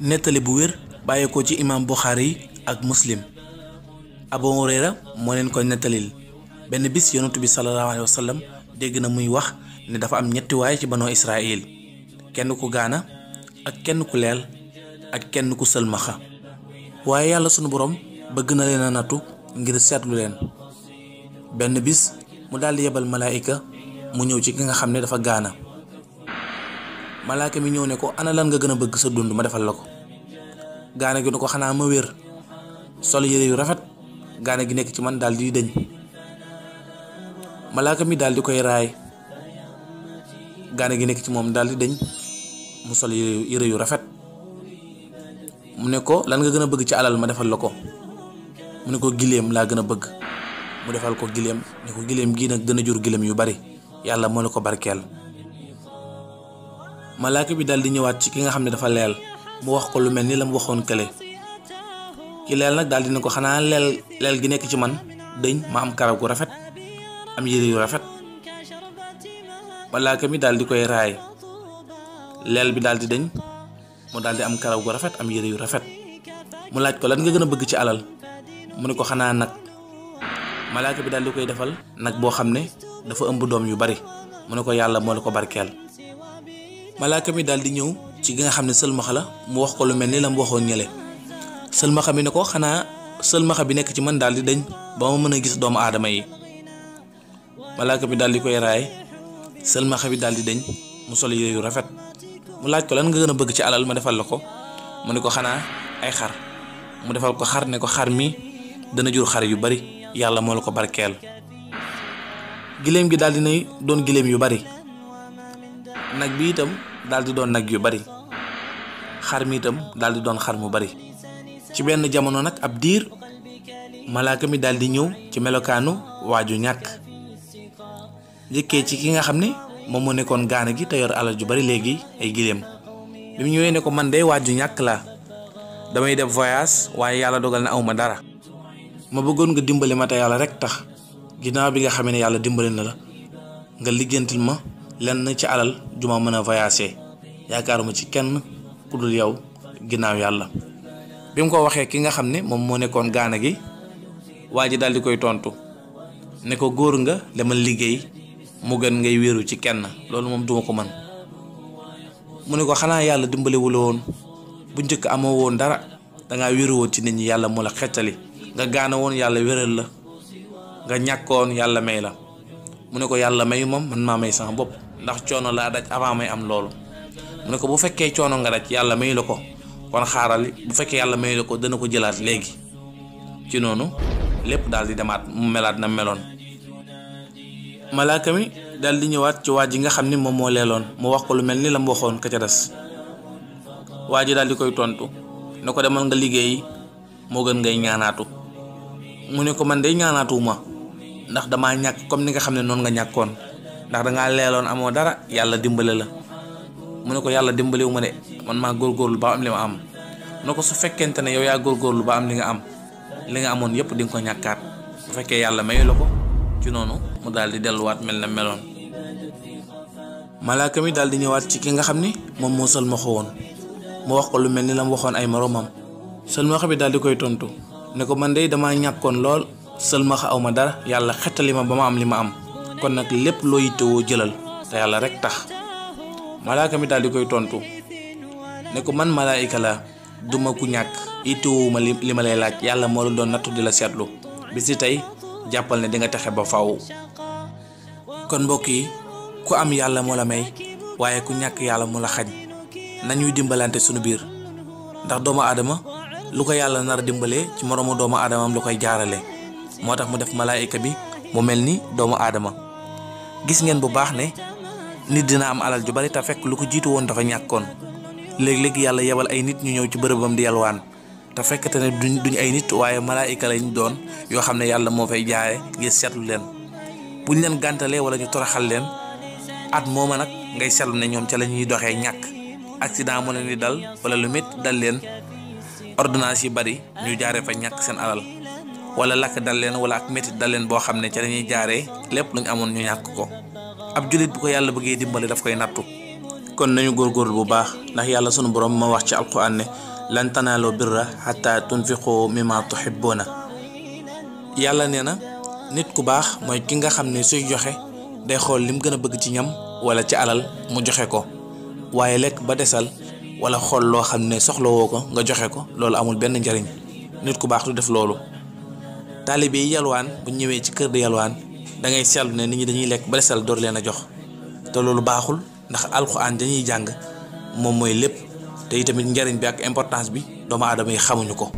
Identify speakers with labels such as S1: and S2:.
S1: nettali bu wér bàyyeekoo ci imaam Buxaari ak muslim Abu Hurayra moo leen koy nettalil benn bis yonentu bi sallallahu alayhi wa dégg na muy wax ne dafa am ñetti waay ci banoo Israël kenn ku gaana ak kenn ku leel ak kenn ku sëlmaxa waaye yàlla sunu boroom bëgg na leen a nattu ngir seetlu leen benn bis mu daal di yebal malaayika mu ñëw ci ki nga xam ne dafa gaana malaaka mi ñëw ne ko ana lan nga gën a bëgg sa dund ma defal la ko gaane gi ne ko xanaa ma wér sol yére yu rafet gaane gi nekk ci man daal di dëñ malaaka mi daal di koy raay gaane gi nekk ci moom daal di dëñ mu sol yére yu rafet mu ne ko lan nga gën a bëgg ci alal ma defal la ko mu ne ko giléem laa gën a bëgg mu defal ko giléem ne ko giléem gii nag dana jur giléem yu bari yàlla moo ne ko barkeel malaaka bi daal di ñëwaat ci ki nga xam ne dafa leel mu wax ko lu mel ni la mu waxoon kële ki leel nag daal dina ko xanaa leel leel gi nekk ci man dëñ ma am karaw gu rafet am yére yu rafet malaaka mi daal di koy raay leel bi daal di mu daal di am karaw gu rafet am yére yu rafet mu laaj ko lan nga gën a bëgg ci alal mu ne ko xanaa nag malaaka bi daal di koy defal nag boo xam ne dafa ëmb doom yu bari mu ne ko yàlla moo la ko barkeel malaaka mi daal di ñëw ci gi nga xam ne sëlmaxa la mu wax ko lu mel ni la mu waxoon ñële sëlmaxa mi ne ko xanaa sëlmaxa bi nekk ci man daal di dañ ba ma mën a gis doomu aadama yi malaaka mi daal di koy raay sëlmaxa bi daal di dañ mu sol yooyu rafet mu laaj ko lan nga gën a bëgg ci alal ma defal la ko mu ne ko xanaa ay xar mu defal ko xar ne ko xar mi dana jur xar yu bari yàlla moo la ko barkeel giléem gi daal di nay doon giléem yu bari nag bi itam daal di doon nag yu bari xar mi itam daldi doon xar mu bari ci benn jamono nag ab diir malaaka mi daal di ñëw ci melokaanu waaju ñàkk njëkkee ci ki nga xam ne moom moo nekkoon gaana gi te yor alal ju bari léegi ay gileem bi mu ñëwee ne ko man de waaju ñàkk la damay def voyage waaye yàlla dogal na aw ma dara ma bëggoon nga dimbali ma te yàlla rek tax ginnaaw bi nga xamee ne yàlla dimbali na la nga lijjantil ma lenn ci alal ju ma mën a voyager yaakaaruma ci kenn ku dul yow ginnaaw yàlla bi mu ko waxee ki nga xam ne moom moo nekkoon gaana gi waa ji daal di koy tontu ne ko góor nga demal liggéey mu gën ngay wéeru ci kenn loolu moom duma ko man mu ne ko xanaa yàlla dimbaliwula woon bu njëkk amoo woon dara danga wéeru woon ci nit ñi yàlla moo la xettali nga gaana woon yàlla wéral la nga ñàkkoon yàlla may la mu ne ko yàlla may moom man maa may sama bopp ndax coono laa daj avant may am loolu mu ne ko bu fekkee coono nga daj yàlla may la ko kon xaaral bu fekkee yàlla may la ko dana ko jëlaat léegi ci noonu lépp daal di demaat mu melaat na meloon malaaka mi daal di ñëwaat ci waa ji nga xam ni moom moo leeloon mu wax ko lu mel ni la mu waxoon ka ca des waa ji daal di koy tontu ne ko demal nga liggéey moo gën ngay ñaanaatu mu ne ko man day ñaanaatuwuma ndax damaa ñàkk comme ni nga xam ne noonu nga ñàkkoon ndax dangaa leeloon amoo dara yàlla dimbale la mu ne ko yàlla dimbalewu ma de man maa góorgóorlu ba am li am mu ko su fekkente ne yow yaa góorgóorlu ba am li nga am li nga amoon yëpp di ko ñàkkaat bu fekkee yàlla mayu ko ci noonu mu daal di delluwaat mel na meloon malaaka mi daal di ñëwaat ci ki nga xam ni moom moo sëlma xawoon mu wax ko lu mel ni la mu waxoon ay moroomam sëlmaxa bi daal di koy tontu ne ko man de damaa ñàkkoon lool sëlmaxa aw ma dara yàlla xettali ma ba ma am li ma am kon nag lépp loo yittewoo jëlal te yàlla rek tax malaaka mi daal di koy tontu ne ko man malaayika la duma ku ñàkk yittewuma li ma lay laaj yàlla moo la doon nattu di la seetlu bi si tey jàppal ne di nga texe ba faw kon mbokk yi ku am yàlla moo la may waaye ku ñàkk yàlla moo la xañ nañuy dimbalante sunu biir ndax doomu aadama lu ko yàlla nar a dimbalee ci moroomu doomu aadamaam lu koy jaarale moo tax mu def malaayika bi mu mel ni doomu aadama gis ngeen bu baax ne nit dina am alal ju bari te fekk lu ko jiitu woon dafa ñàkkoon léegi léeg yàlla yebal ay nit ñu ñëw ci bërëbam di yalwaan te fekkte ne duñ duñ ay nit waaye malaayika lañ doon yoo xam ne yàlla moo fay jaare ngir seetlu leen buñ leen gàntalee wala ñu toraxal leen at mooma nag ngay seetlu ne ñoom ca la ñuy doxee ñàkk accident mu ne ni dal wala lu métti dal leen ordonnance yi bari ñu jaaree fa ñàkk seen alal wala lakk dal leen wala ak métit dal leen boo xam ne ca dañuy jaaree lépp lu ñu amoon ñu ñàkk ko ab jullit bu ko yàlla bëggee dimbali daf koy nattu kon nañu góor góorgóorlu bu baax ndax yàlla sunu borom ma wax ci alquran ne lan tanaaloo birra xataa tunfiqoo mimma tuhibbuuna yàlla nee na nit ku baax mooy ki nga xam ne suy joxe day xool lim gën a bëgg ci ñam wala ci alal mu joxe ko waaye lekk ba desal wala xool loo xam ne soxlawoo ko nga joxe ko loolu amul benn njariñ nit ku baax du def loolu taalibe yi yalwaan bu ñëwee ci kër di yalwaan dangay ngay ne nit ñi dañuy lekk ba desal door leen a jox te loolu baaxul ndax alxuraan dañuy jàng moom mooy lépp te itamit njariñ bi ak importance bi doomu aadama yi xamuñu ko.